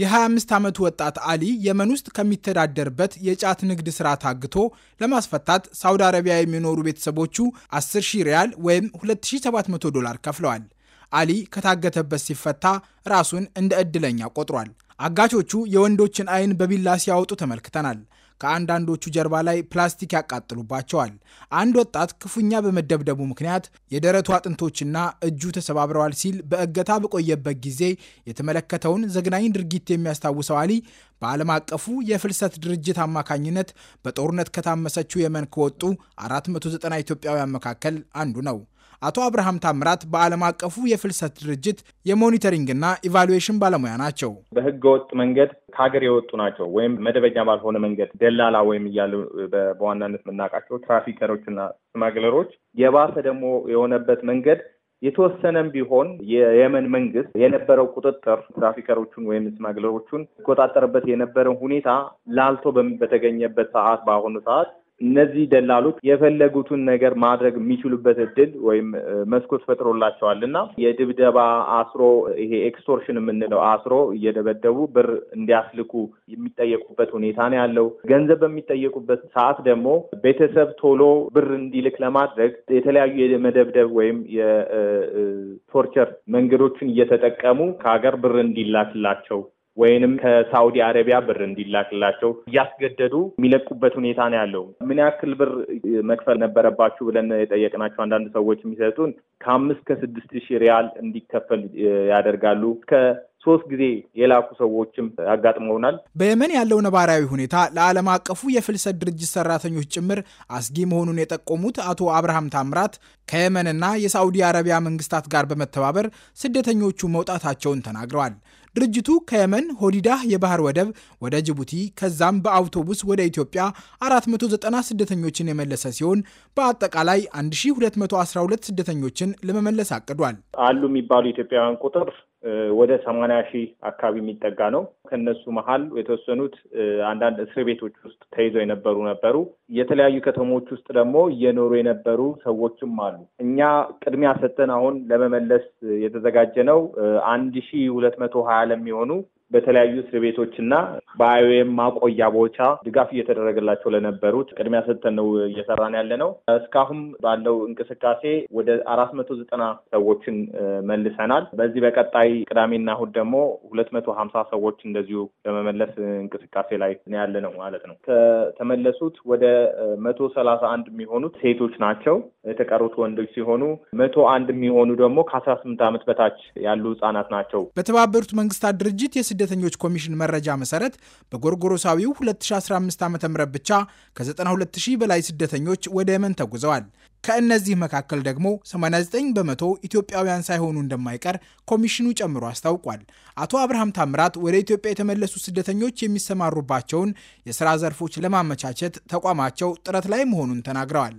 የ25 ዓመቱ ወጣት አሊ የመን ውስጥ ከሚተዳደርበት የጫት ንግድ ሥራ ታግቶ ለማስፈታት ሳውዲ አረቢያ የሚኖሩ ቤተሰቦቹ 10 ሪያል ወይም 2700 ዶላር ከፍለዋል። አሊ ከታገተበት ሲፈታ ራሱን እንደ ዕድለኛ ቆጥሯል። አጋቾቹ የወንዶችን ዓይን በቢላ ሲያወጡ ተመልክተናል። ከአንዳንዶቹ ጀርባ ላይ ፕላስቲክ ያቃጥሉባቸዋል። አንድ ወጣት ክፉኛ በመደብደቡ ምክንያት የደረቱ አጥንቶችና እጁ ተሰባብረዋል ሲል በእገታ በቆየበት ጊዜ የተመለከተውን ዘግናኝ ድርጊት የሚያስታውሰው አሊ በዓለም አቀፉ የፍልሰት ድርጅት አማካኝነት በጦርነት ከታመሰችው የመን ከወጡ 490 ኢትዮጵያውያን መካከል አንዱ ነው። አቶ አብርሃም ታምራት በዓለም አቀፉ የፍልሰት ድርጅት የሞኒተሪንግና ኢቫሉዌሽን ባለሙያ ናቸው። በህገ ወጥ መንገድ ከሀገር የወጡ ናቸው ወይም መደበኛ ባልሆነ መንገድ ደላላ ወይም እያሉ በዋናነት የምናውቃቸው ትራፊከሮችና ስማግለሮች የባሰ ደግሞ የሆነበት መንገድ የተወሰነም ቢሆን የየመን መንግስት የነበረው ቁጥጥር ትራፊከሮቹን ወይም ስማግለሮቹን ይቆጣጠርበት የነበረው ሁኔታ ላልቶ በተገኘበት ሰዓት በአሁኑ ሰዓት እነዚህ ደላሎች የፈለጉትን ነገር ማድረግ የሚችሉበት እድል ወይም መስኮት ፈጥሮላቸዋል እና የድብደባ አስሮ ይሄ ኤክስቶርሽን የምንለው አስሮ እየደበደቡ ብር እንዲያስልኩ የሚጠየቁበት ሁኔታ ነው ያለው። ገንዘብ በሚጠየቁበት ሰዓት ደግሞ ቤተሰብ ቶሎ ብር እንዲልክ ለማድረግ የተለያዩ የመደብደብ ወይም የቶርቸር መንገዶችን እየተጠቀሙ ከሀገር ብር እንዲላክላቸው ወይንም ከሳውዲ አረቢያ ብር እንዲላክላቸው እያስገደዱ የሚለቁበት ሁኔታ ነው ያለው። ምን ያክል ብር መክፈል ነበረባችሁ ብለን የጠየቅናቸው አንዳንድ ሰዎች የሚሰጡን ከአምስት ከስድስት ሺህ ሪያል እንዲከፈል ያደርጋሉ እስከ ሶስት ጊዜ የላኩ ሰዎችም አጋጥመውናል። በየመን ያለው ነባራዊ ሁኔታ ለዓለም አቀፉ የፍልሰት ድርጅት ሰራተኞች ጭምር አስጊ መሆኑን የጠቆሙት አቶ አብርሃም ታምራት ከየመንና የሳዑዲ አረቢያ መንግስታት ጋር በመተባበር ስደተኞቹ መውጣታቸውን ተናግረዋል። ድርጅቱ ከየመን ሆዲዳህ የባህር ወደብ ወደ ጅቡቲ ከዛም በአውቶቡስ ወደ ኢትዮጵያ 490 ስደተኞችን የመለሰ ሲሆን በአጠቃላይ 1212 ስደተኞችን ለመመለስ አቅዷል። አሉ የሚባሉ ኢትዮጵያውያን ቁጥር ወደ ሰማንያ ሺህ አካባቢ የሚጠጋ ነው። ከነሱ መሀል የተወሰኑት አንዳንድ እስር ቤቶች ውስጥ ተይዘው የነበሩ ነበሩ። የተለያዩ ከተሞች ውስጥ ደግሞ እየኖሩ የነበሩ ሰዎችም አሉ። እኛ ቅድሚያ ሰጠን አሁን ለመመለስ የተዘጋጀ ነው አንድ ሺህ ሁለት መቶ ሀያ ለሚሆኑ በተለያዩ እስር ቤቶችና በአይኤም ማቆያ ቦታ ድጋፍ እየተደረገላቸው ለነበሩት ቅድሚያ ሰጥተን ነው እየሰራን ያለ ነው። እስካሁን ባለው እንቅስቃሴ ወደ አራት መቶ ዘጠና ሰዎችን መልሰናል። በዚህ በቀጣይ ቅዳሜና እሁድ ደግሞ ሁለት መቶ ሀምሳ ሰዎች እንደዚሁ ለመመለስ እንቅስቃሴ ላይ ያለ ነው ማለት ነው። ከተመለሱት ወደ መቶ ሰላሳ አንድ የሚሆኑት ሴቶች ናቸው። የተቀሩት ወንዶች ሲሆኑ መቶ አንድ የሚሆኑ ደግሞ ከአስራ ስምንት ዓመት በታች ያሉ ህጻናት ናቸው። በተባበሩት መንግስታት ድርጅት የስደ የስደተኞች ኮሚሽን መረጃ መሰረት በጎርጎሮሳዊው 2015 ዓ ም ብቻ ከ92000 በላይ ስደተኞች ወደ የመን ተጉዘዋል። ከእነዚህ መካከል ደግሞ 89 በመቶ ኢትዮጵያውያን ሳይሆኑ እንደማይቀር ኮሚሽኑ ጨምሮ አስታውቋል። አቶ አብርሃም ታምራት ወደ ኢትዮጵያ የተመለሱ ስደተኞች የሚሰማሩባቸውን የስራ ዘርፎች ለማመቻቸት ተቋማቸው ጥረት ላይ መሆኑን ተናግረዋል።